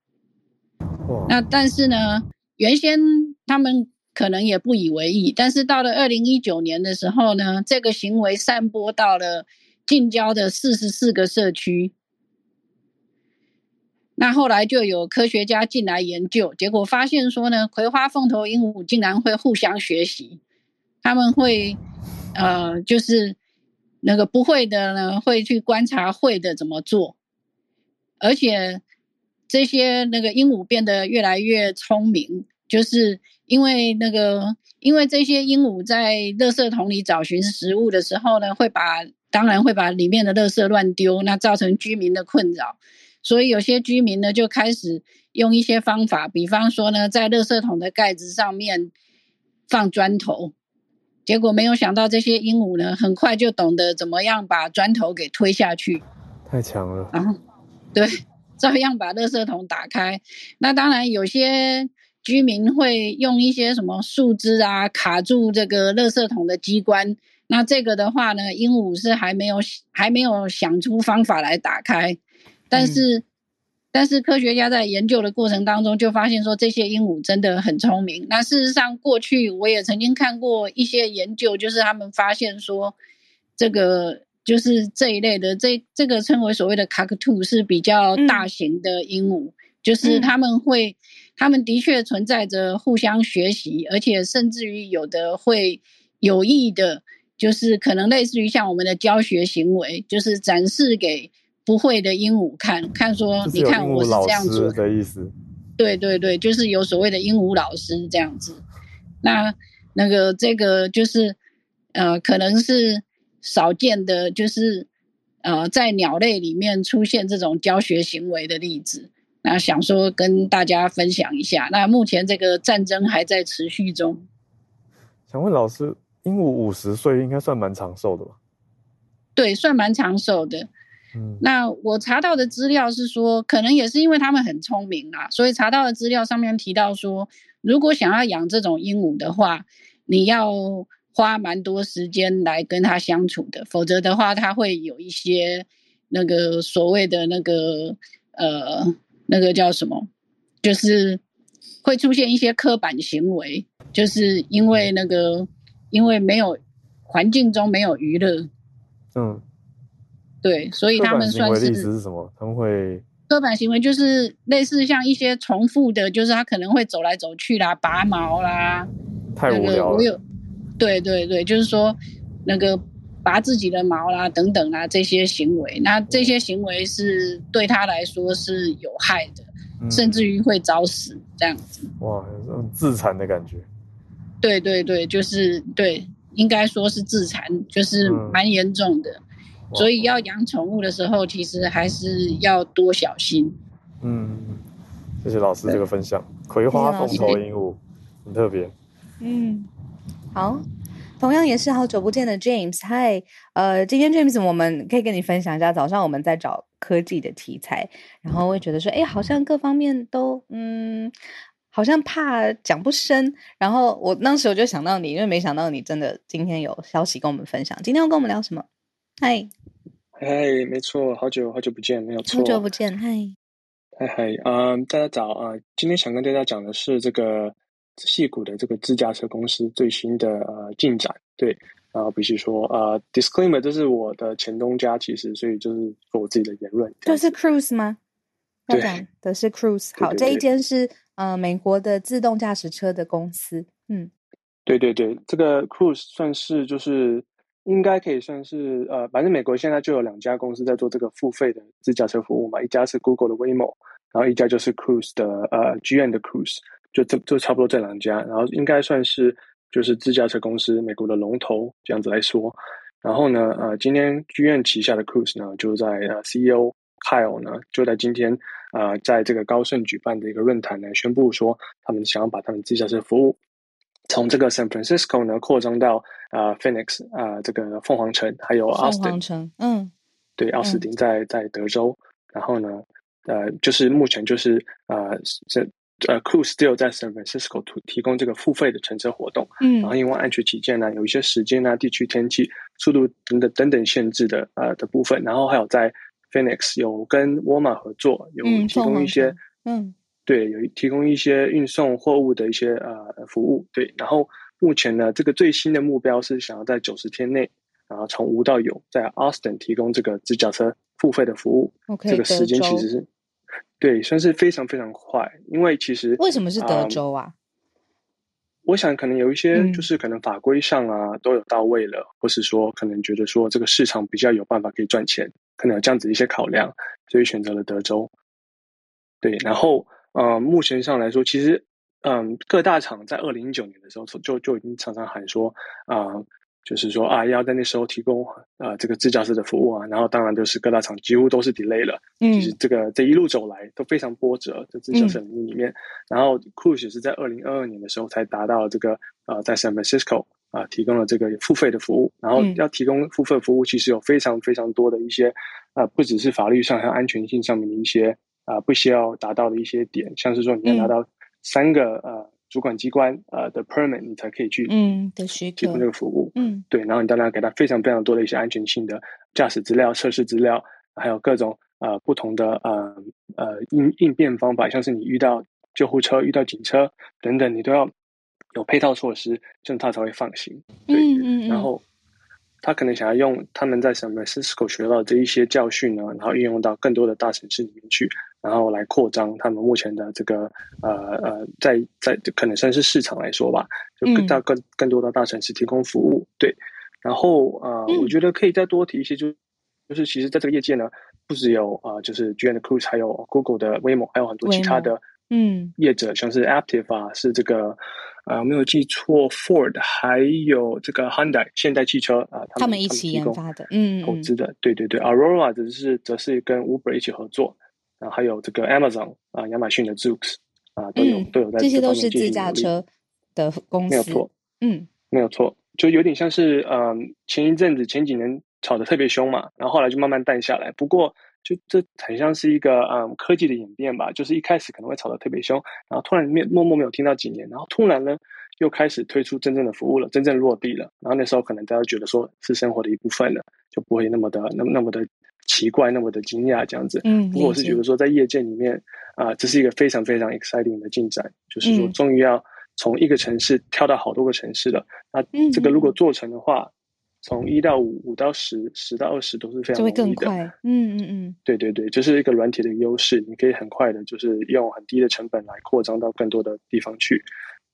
那但是呢，原先他們可能也不以為意，但是到了二零一九年的時候呢，這個行為散播到了近郊的四十四個社區。那後來就有科學家進來研究，結果發現說呢，葵花鳳頭鸚鵡竟然會互相學習，他們會，呃，就是那個不會的呢，會去觀察會的怎麼做，而且。這些那個鸚鵡變得越來越聰明，就是因為那個，因為這些鸚鵡在垃圾桶裡找尋食物的時候呢，會把當然會把裡面的垃圾亂丟，那造成居民的困擾。所以有些居民呢，就開始用一些方法，比方說呢，在垃圾桶的蓋子上面放磚頭，結果沒有想到這些鸚鵡呢，很快就懂得怎麼樣把磚頭給推下去。太強了。啊，對。照樣把垃圾桶打開，那當然有些居民會用一些什麼樹枝啊，卡住這個垃圾桶的機關。那這個的話呢，鸚鵡是還沒有，還沒有想出方法來打開，但是、嗯、但是科學家在研究的過程當中就發現說這些鸚鵡真的很聰明。那事實上過去我也曾經看過一些研究，就是他們發現說這個。就是這一類的，這這個稱為所謂的卡克兔是比較大型的鸚鵡、嗯，就是他們會，他們的確存在着互相學習，而且甚至於有的會有意的，就是可能類似於像我們的教學行為，就是展示給不會的鸚鵡看看，說你看我是這樣子的意思。對對對，就是有所謂的鸚鵡老師這樣子。那那個這個就是呃，可能是。少見的，就是呃，在鳥類裡面出現這種教學行為的例子，那想說跟大家分享一下。那目前這個戰爭還在持續中，想問老師，鸚鵡五十歲應該算蠻長壽的吧？對，算蠻長壽的。嗯，那我查到的資料是說，可能也是因為他們很聰明啦、啊，所以查到的資料上面提到說，如果想要養這種鸚鵡的話，你要。花蠻多時間來跟他相處的，否則的話他會有一些那個所謂的那個呃那個叫什麼，就是會出現一些刻板行為，就是因為那個、嗯、因為沒有環境中沒有娛樂，嗯，對，所以他們算是是什麼？他們會刻板行為就是類似像一些重複的，就是他可能會走來走去啦，拔毛啦，太無聊了。那個對對對，就是說，那個拔自己的毛啦、啊、等等啦、啊，這些行為，那這些行為是對他來說是有害的，嗯、甚至於會早死這樣子。哇，有種自殘的感覺。對對對，就是對，應該說是自殘，就是蠻嚴重的。嗯、所以要養寵物的時候，其實還是要多小心。嗯，謝謝老師這個分享，葵花鳳頭鸚鵡很特別。嗯。好，同樣也是好久不見的 James，嗨，呃，今天 James 我們可以跟你分享一下，早上我們在找科技的題材，然後我會覺得說，哎，好像各方面都，嗯，好像怕講不深，然後我當時我就想到你，因為沒想到你真的今天有消息跟我們分享，今天要跟我們聊什麼？嗨，嗨，hey，沒錯，好久好久不見，沒有錯，好久不見，嗨，嗨嗨，嗯，大家早啊，呃，今天想跟大家講的是這個。細股的這個自駕車公司最新的呃進展，對，然、啊、後比如說呃，Disclaimer，這是我的前東家，其實所以就是我自己的言論，這、就是 Cruise 嗎？要講的是 Cruise，好對對對，這一間是呃美國的自動駕駛車的公司，嗯，對對對，這個 Cruise 算是就是應該可以算是呃，反正美國現在就有兩家公司在做這個付費的自駕車服務嘛，一家是 Google 的 Waymo，然後一家就是 Cruise 的呃 GM 的 Cruise。就這，就差不多這兩家，然後應該算是就是自駕車公司美國的龍頭這樣子來說。然後呢，呃，今天 GM 旗下的 Cruise 呢，就在呃 CEO Kyle 呢，就在今天啊、呃，在這個高盛舉辦的一個論壇呢，宣布說他們想要把他們自駕車服務從這個 San Francisco 呢擴張到啊、呃、Phoenix 啊、呃、這個鳳凰城，還有 Austin 鳳凰城，嗯，對，奧斯汀在在德州、嗯。然後呢，呃，就是目前就是啊這。呃呃、uh, Cruise still 在 San Francisco to 提提供這個付費的乘車活動，嗯，然後因為安全起見呢、啊，有一些時間啊、地區、天氣、速度等等等等限制的呃的部分，然後還有在 Phoenix 有跟沃爾瑪合作，有提供一些嗯，嗯，對，有提供一些運送貨物的一些呃服務，對，然後目前呢，這個最新的目標是想要在九十天內，然後從無到有，在 Austin 提供這個自駕車付費的服務，okay, 這個時間其實是。對，算是非常非常快，因為其實為什麼是德州啊？呃，我想可能有一些就是可能法規上啊，嗯，都有到位了，或是說可能覺得說這個市場比較有辦法可以賺錢，可能有這樣子的一些考量，所以選擇了德州。對，然後呃，目前上來說，其實嗯，呃，各大廠在二零一九年的時候就就，就已經常常喊說啊，呃就是說啊，要在那時候提供啊、呃、這個自駕駛的服務啊，然後當然就是各大廠幾乎都是 delay 了。嗯，其實這個這一路走來都非常波折，在自動駕駛領域裡面。嗯、然後，Cruise 也是在二零二二年的時候才達到這個呃，在 San Francisco 啊、呃、提供了這個付費的服務。然後要提供付費的服務，其實有非常非常多的一些啊、呃，不只是法律上還有安全性上面的一些啊、呃，不需要達到的一些點，像是說你要拿到三個、嗯、呃。主管機關啊的 permit，你才可以去提供這個服務。嗯，對，然後你當然給他非常非常多的一些安全性的駕駛資料、測試資料，還有各種呃不同的呃呃應應變方法，像是你遇到救護車、遇到警車等等，你都要有配套措施，這樣他才會放心。嗯嗯然後他可能想要用他們在 San Francisco 學到的這一些教訓呢？然後運用到更多的大城市裡面去。然後來擴張他們目前的這個呃呃，在在可能算是市場來說吧，就更大、嗯、更更多的大城市提供服務，對。然後呃、嗯、我覺得可以再多提一些，就就是其實在這個業界呢，不只有啊、呃，就是 GM Cruise，還有 Google 的 Waymo，還有很多其他的嗯業者 Waymo，嗯，像是 Aptiv 啊，是這個呃沒有記錯 Ford，還有這個 Hyundai 現代汽車啊、呃，他們一起研發的，嗯，投資的，嗯嗯對對對，Aurora 只是則是跟 Uber 一起合作。然後還有這個 Amazon 啊，亞馬遜的 Zoox 啊，都有、嗯、都有在做，這些都是自駕車的公司，沒有錯，嗯，沒有錯，就有點像是嗯，前一陣子前幾年炒得特別凶嘛，然後後來就慢慢淡下來。不過就這很像是一個嗯科技的演變吧，就是一開始可能會炒得特別凶，然後突然面默默沒有聽到幾年，然後突然呢又開始推出真正的服務了，真正落地了，然後那時候可能大家覺得說是生活的一部分了，就不會那麼的那麼那麼的。奇怪，那麼的驚訝，這樣子。嗯，不過我是覺得說，在業界裡面啊、嗯呃，這是一個非常非常 exciting 的進展、嗯，就是說，終於要從一個城市跳到好多個城市了。嗯、那這個如果做成的話，從、嗯、一到五、五到十、十到二十都是非常容易的，就會更快。嗯嗯嗯，對對對，這、就是一個軟體的優勢，你可以很快的，就是用很低的成本來擴張到更多的地方去。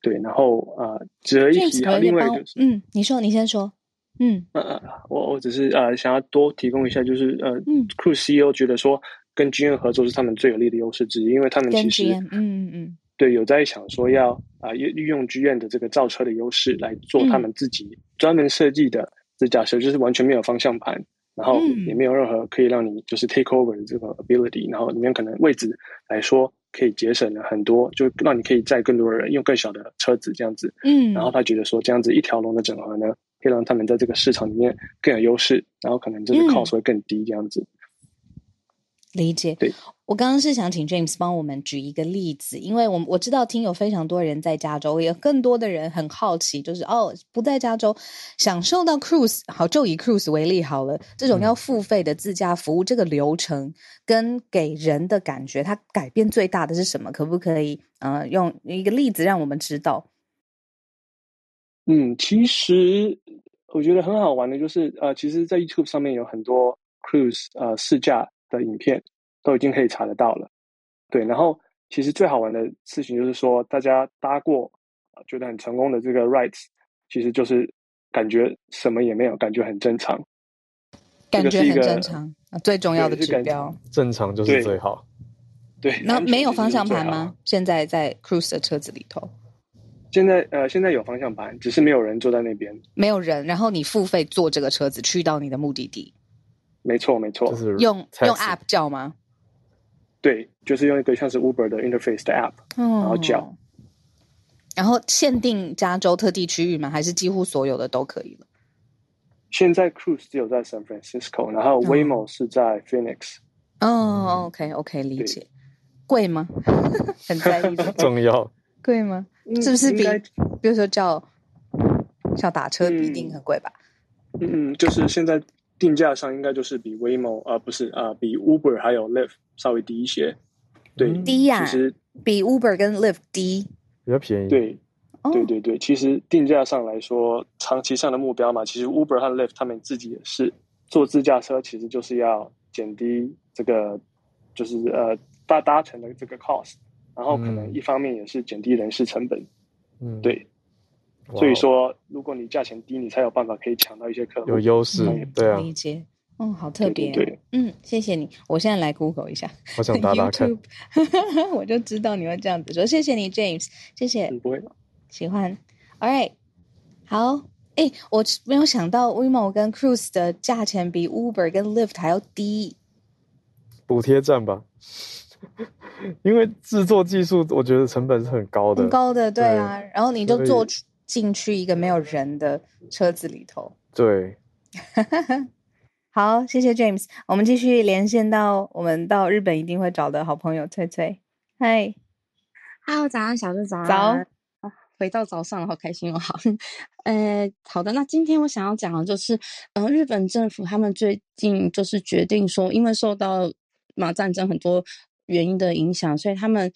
對，然後啊，呃、值得一提的另外一個、就是。嗯，你說，你先說。嗯呃，我我只是呃想要多提供一下，就是呃 Cruise CEO 覺得說跟 GM 合作是他們最有利的優勢之一，因為他們其實嗯嗯對有在想說要啊、呃、運利用 GM 的這個造車的優勢來做他們自己專門設計的、嗯、這動駕就是完全沒有方向盤，然後也沒有任何可以讓你就是 take over 的這個 ability，然後裡面可能位置來說可以節省了很多，就讓你可以載更多的人用更小的車子這樣子，嗯，然後他覺得說這樣子一條龍的整合呢。可以讓他們在這個市場裡面更有優勢，然後可能就是 cost 會更低，這樣子。嗯，理解。對，我剛剛是想請 James 幫我們舉一個例子，因為我我知道聽友非常多人在加州，也更多的人很好奇，就是哦，不在加州享受到 cruise，好，就以 cruise 為例好了，這種要付費的自駕服務，這個流程跟給人的感覺，它改變最大的是什麼？可不可以，嗯、呃，用一個例子讓我們知道？嗯，其實我覺得很好玩的就是，呃，其實，在 YouTube 上面有很多 Cruise 呃試駕的影片，都已經可以查得到了。對，然後其實最好玩的事情就是說，大家搭過，覺得很成功的這個 Rides，其實就是感覺什麼也沒有，感覺很正常，感覺很正常，這個、最重要的指標，正常就是最好。對，對那好。那沒有方向盤嗎？現在在 Cruise 的車子裡頭。現在呃，現在，有方向盤，只是沒有人坐在那邊。沒有人，然後你付費坐這個車子去到你的目的地。沒錯，沒錯。用用 App 叫嗎？對，就是用一個像是 Uber 的 Interface 的 App，、哦、然後叫。然後限定加州特地區域嗎？還是幾乎所有的都可以了？現在 Cruise 只有在 San Francisco，然後 Waymo、哦、是在 Phoenix 哦。哦、嗯、，OK，OK，、okay, okay, 理解。貴嗎？ 很在意是不是？ 重要。貴嗎？嗯、是不是比比如說叫叫打車比一定很貴吧嗯？嗯，就是現在定價上應該就是比 Waymo 啊、呃、不是啊、呃、比 Uber 還有 Lyft 稍微低一些，對，低呀、啊，其實、就是、比 Uber 跟 Lyft 低，比較便宜。對，對對對、哦，其實定價上來說，長期上的目標嘛，其實 Uber 和 Lyft 他們自己也是做自駕車，其實就是要減低這個就是呃搭搭乘的這個 cost。然後可能一方面也是減低人事成本，嗯，對、哦，所以說如果你價錢低，你才有辦法可以搶到一些客戶，有優勢，嗯、對啊，理解，哦，好特別對對對，嗯，謝謝你，我現在來 Google 一下，我想打打看， YouTube 我就知道你會這樣子說，謝謝你，James，謝謝，嗯、不會喜歡，All right，好，哎，我沒有想到 WeMo 跟 Cruise 的價錢比 Uber 跟 Lyft 還要低，補貼戰吧。 因為制作技術，我覺得成本是很高的，很高的對，對啊。然後你就坐進去一個沒有人的車子裡頭，對。 好，謝謝 James。我們繼續連線到我們到日本一定會找的好朋友翠翠。嗨，Hello，早上，小翠，早。早。回到早上，好開心哦，好。嗯，好的。那今天我想要講的就是，嗯、呃，日本政府他們最近就是決定說，因為受到馬戰爭很多。原因的影響，所以他們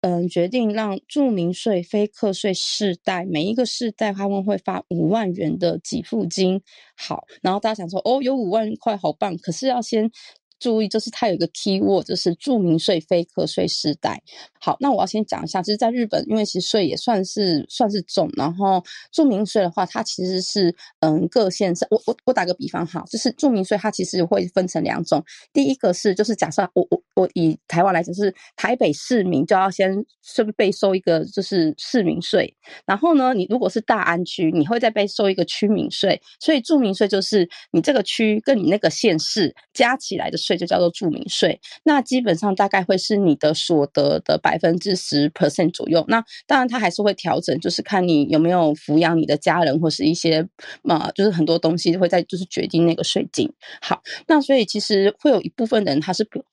嗯、呃、決定讓住民稅非課稅世代，每一個世代他們會發五萬元的給付金。好，然後大家想說哦，有五萬塊好棒，可是要先，注意，就是它有一個 key word，就是住民稅非課稅世代。好，那我要先講一下，其實在日本，因為其實稅也算是算是重。然後住民稅的話，它其實是嗯各縣市，我我我打個比方，好，就是住民稅它其實會分成兩種。第一個是，就是假設我我我以台灣來講，是台北市民就要先是不是被收一個就是市民稅，然後呢，你如果是大安區，你會再被收一個區民稅。所以住民稅就是你這個區跟你那個縣市加起來的。稅就叫做住民稅，那基本上大概會是你的所得的百分之十 percent 左右。那當然，它還是會調整，就是看你有沒有撫養你的家人或是一些嘛、呃，就是很多東西會在就是決定那個稅金。好，那所以其實會有一部分人他是不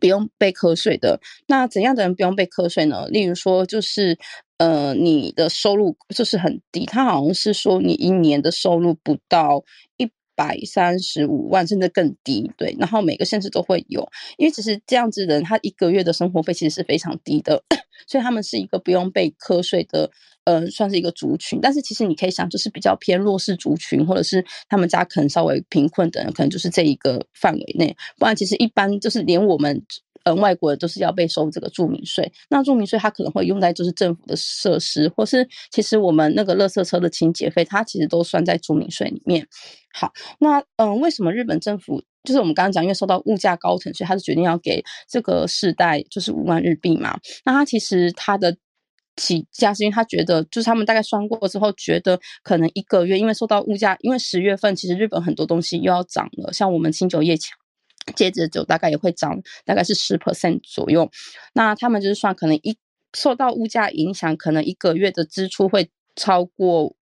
不用被課稅的。那怎樣的人不用被課稅呢？例如說，就是呃，你的收入就是很低，他好像是說你一年的收入不到一。百三十五萬甚至更低，對，然後每個縣市都會有，因為其實這樣子的人，他一個月的生活費其實是非常低的，所以他們是一個不用被課稅的，呃，算是一個族群。但是其實你可以想，就是比較偏弱勢族群，或者是他們家可能稍微貧困的人，可能就是這一個範圍內。不然其實一般就是連我們。嗯，外國人都是要被收這個住民稅。那住民稅，它可能會用在就是政府的設施，或是其實我們那個垃圾車的清潔費，它其實都算在住民稅裡面。好，那嗯，為什麼日本政府就是我們剛剛講，因為受到物價高騰，所以它是決定要給這個世代就是五萬日幣嘛？那它其實它的起價是因為他覺得，就是他們大概算過之後，覺得可能一個月，因為受到物價，因為十月份其實日本很多東西又要漲了，像我們清酒業強。接着就大概也會漲，大概是十 percent 左右。那他們就是算可能一，受到物價影響，可能一個月的支出會超過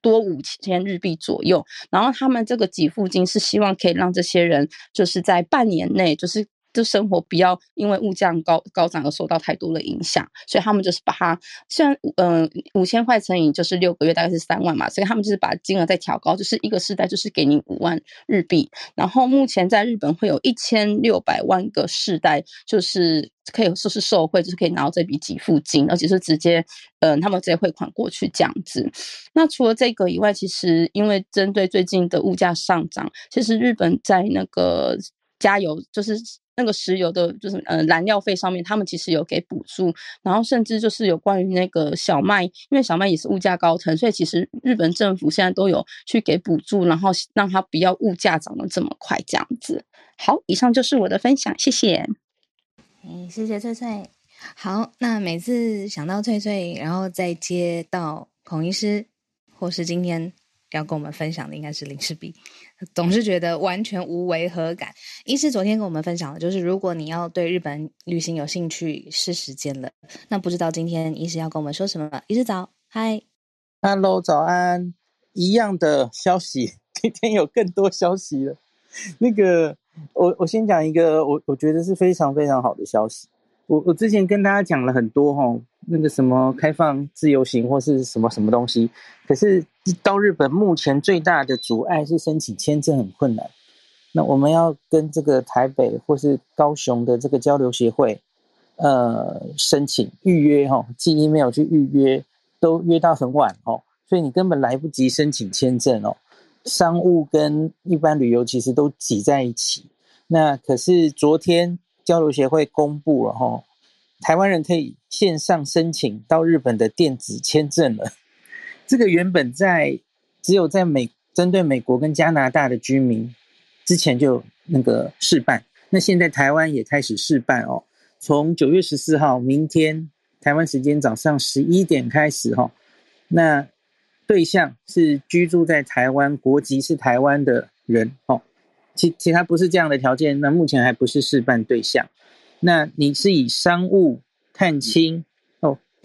多五千日幣左右。然後他們這個給付金是希望可以讓這些人就是在半年內就是。就生活不要因為物價高高漲而受到太多的影響，所以他們就是把它雖然嗯五千塊乘以就是六個月大概是三萬嘛，所以他們就是把金額再調高，就是一個世代就是給你五萬日幣，然後目前在日本會有一千六百萬個世代就是可以說、就是受惠就是可以拿到這筆給付金，而且是直接嗯、呃、他們直接匯款過去這樣子。那除了這個以外，其實因為針對最近的物價上漲，其實日本在那個。加油，就是那個石油的，就是呃燃料費上面，他們其實有給補助，然後甚至就是有關於那個小麥，因為小麥也是物價高騰，所以其實日本政府現在都有去給補助，然後讓它不要物價漲得這麼快這樣子。好，以上就是我的分享，謝謝。哎、嗯，謝謝翠翠。好，那每次想到翠翠，然後再接到孔醫師，或是今天。要跟我們分享的應該是林氏璧，總是覺得完全無違和感。醫師昨天跟我們分享的就是如果你要對日本旅行有興趣，是時間了。那不知道今天醫師要跟我們說什麼？醫師早，嗨，Hello，早安，一樣的消息，今天有更多消息了。那個，我我先講一個，我我覺得是非常非常好的消息。我我之前跟大家講了很多齁，那個什麼開放自由行或是什麼什麼東西，可是。到日本目前最大的阻礙是申請簽證很困難。那我們要跟這個台北或是高雄的這個交流協會，呃，申請預約吼，寄 email 去預約，都約到很晚哦，所以你根本來不及申請簽證哦。商務跟一般旅遊其實都擠在一起。那可是昨天交流協會公布了吼，哦，台灣人可以線上申請到日本的電子簽證了。這個原本在只有在美針對美國跟加拿大的居民，之前就那個試辦，那現在台灣也開始試辦哦。從九月十四號，明天台灣時間早上十一點開始哈、哦。那對象是居住在台灣，國籍是台灣的人哦。其其他不是這樣的條件，那目前還不是試辦對象。那你是以商務探親？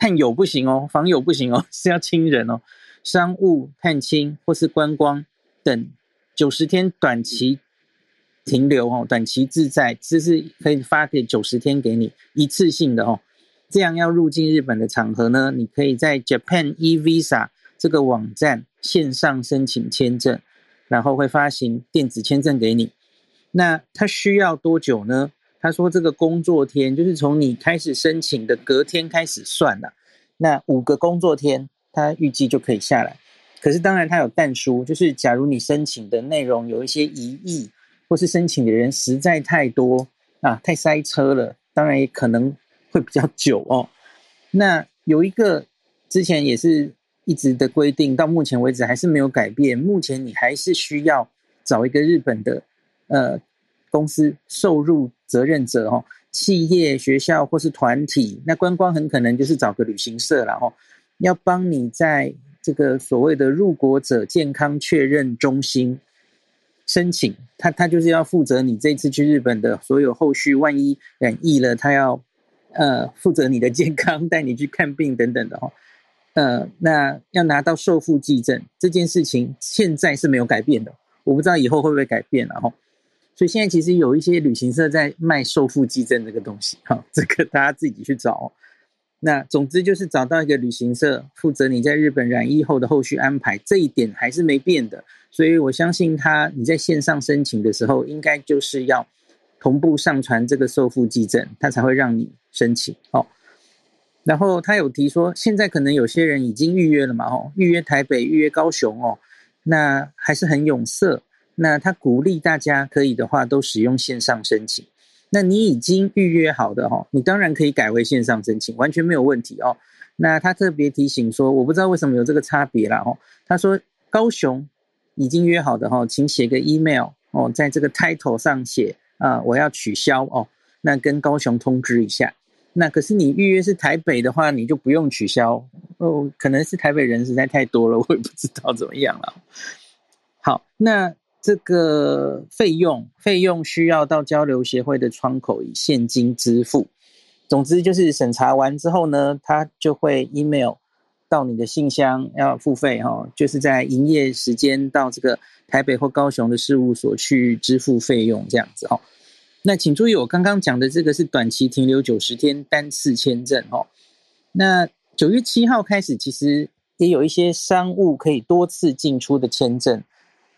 看友不行哦，訪友不行哦，是要親人哦。商務探親或是觀光等九十天短期停留哦，短期自在，這是可以發給九十天給你一次性的哦。這樣要入境日本的場合呢，你可以在 Japan eVisa 這個網站線上申請簽證，然後會發行電子簽證給你。那它需要多久呢？他說：“這個工作天就是從你開始申請的隔天開始算啦，那五個工作天他預計就可以下來。可是當然他有但書，就是假如你申請的內容有一些疑義，或是申請的人實在太多啊，太塞車了，當然也可能會比較久哦。那有一個之前也是一直的規定，到目前為止還是沒有改變。目前你還是需要找一個日本的呃公司受入。”責任者哦，企業、學校或是團體，那觀光很可能就是找個旅行社啦，然後要幫你在這個所謂的入國者健康確認中心申請，他他就是要負責你這次去日本的所有後續，萬一染疫了，他要呃負責你的健康，帶你去看病等等的哦。呃，那要拿到受付濟證這件事情，現在是沒有改變的，我不知道以後會不會改變了哈。所以現在其實有一些旅行社在賣受付濟證這個東西，哈，這個大家自己去找。那總之就是找到一個旅行社負責你在日本染疫後的後續安排，這一點還是沒變的。所以我相信他，你在線上申請的時候，應該就是要同步上傳這個受付濟證，他才會讓你申請。哦。然後他有提說，現在可能有些人已經預約了嘛，哦，預約台北，預約高雄，哦，那還是很踴躍。那他鼓勵大家可以的話都使用線上申請。那你已經預約好的哈，你當然可以改為線上申請，完全沒有問題哦。那他特別提醒說，我不知道為什麼有這個差別啦，哦。他說，高雄已經約好的哈，請寫個 email 哦，在這個 title 上寫啊，我要取消哦，那跟高雄通知一下。那可是你預約是台北的話，你就不用取消哦。可能是台北人實在太多了，我也不知道怎麼樣了。好，那。這個費用費用需要到交流協會的窗口以現金支付。總之就是審查完之後呢，他就會 email 到你的信箱要付費哦。就是在營業時間到這個台北或高雄的事務所去支付費用這樣子哦。那請注意，我剛剛講的這個是短期停留九十天單次簽證哦。那九月七號開始，其實也有一些商務可以多次進出的簽證。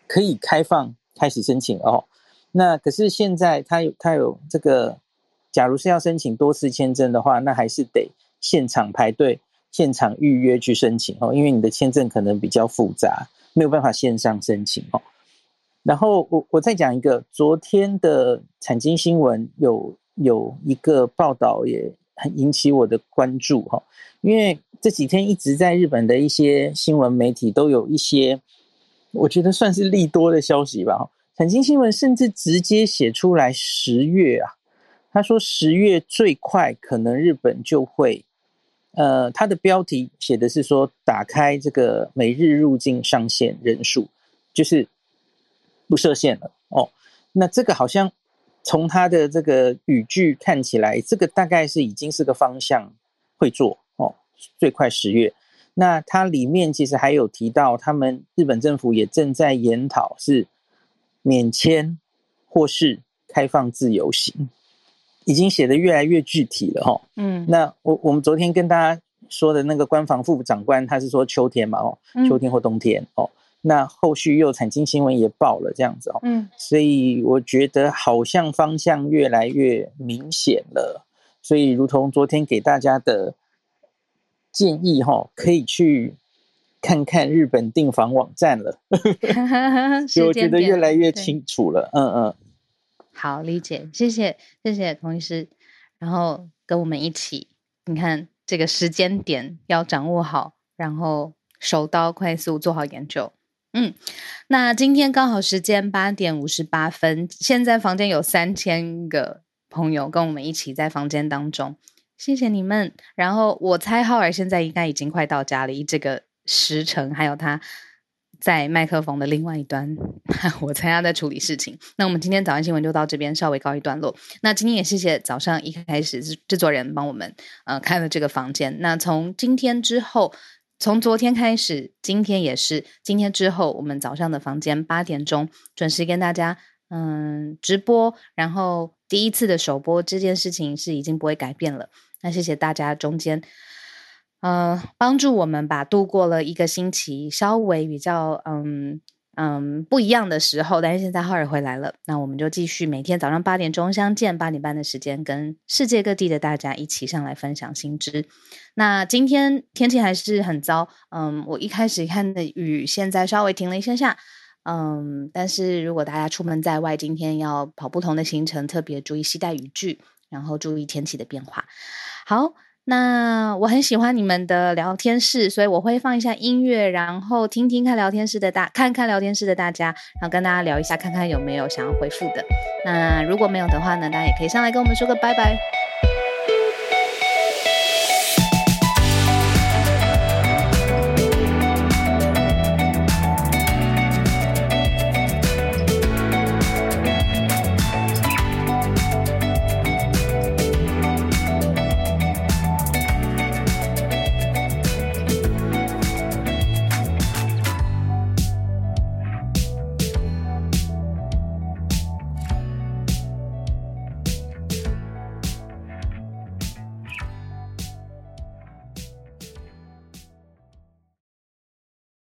可以開放開始申請哦，那可是現在他有他有這個，假如是要申請多次簽證的話，那還是得現場排隊、現場預約去申請哦，因為你的簽證可能比較複雜，沒有辦法線上申請哦。然後我我再講一個，昨天的產經新聞有有一個報道也很引起我的關注哈、哦，因為這幾天一直在日本的一些新聞媒體都有一些。我覺得算是利多的消息吧。產經新聞甚至直接寫出來十月啊，他說十月最快可能日本就會，呃，他的標題寫的是說打開這個每日入境上限人數，就是不設限了哦。那這個好像從他的這個語句看起來，這個大概是已經是個方向會做哦，最快十月。那它裡面其實還有提到，他們日本政府也正在研討是免簽或是開放自由行，已經寫得越來越具體了哈。嗯。那我我們昨天跟大家說的那個官房副長官，他是說秋天嘛哦，秋天或冬天，嗯。哦，那後續又產經新聞也報了這樣子哦。嗯。所以我覺得好像方向越來越明顯了，所以如同昨天給大家的。建議哈、哦，可以去看看日本訂房網站了。 間點 就我覺得越來越清楚了。嗯嗯，好，理解。謝謝謝謝童醫師。然後跟我們一起，你看這個時間點要掌握好，然後手刀快速做好研究。嗯，那今天剛好時間八點五十八分，現在房間有三千個朋友跟我們一起在房間當中。謝謝你們。然後我猜浩爾現在應該已經快到家裡，這個時辰還有他在麥克風的另外一端，我猜他在處理事情。那我們今天早安新聞就到這邊稍微告一段落。那今天也謝謝早上一開始製作人幫我們呃開了這個房間。那從今天之後，從昨天開始，今天也是，今天之後我們早上的房間八點鐘準時跟大家嗯、呃、直播，然後第一次的首播這件事情是已經不會改變了。那謝謝大家中間，呃，幫助我們吧，度過了一個星期稍微比較嗯嗯不一樣的時候，但是現在浩爾回來了，那我們就繼續每天早上八點鐘相見，八點半的時間跟世界各地的大家一起上來分享新知。那今天天氣還是很糟，嗯，我一開始看的雨現在稍微停了一下下，嗯，但是如果大家出門在外，今天要跑不同的行程，特別注意攜帶雨具，然後注意天氣的變化。好，那我很喜歡你們的聊天室，所以我會放一下音樂，然後聽聽看聊天室的大，看看聊天室的大家，然後跟大家聊一下，看看有沒有想要回復的。那如果沒有的話呢，大家也可以上來跟我們說個拜拜。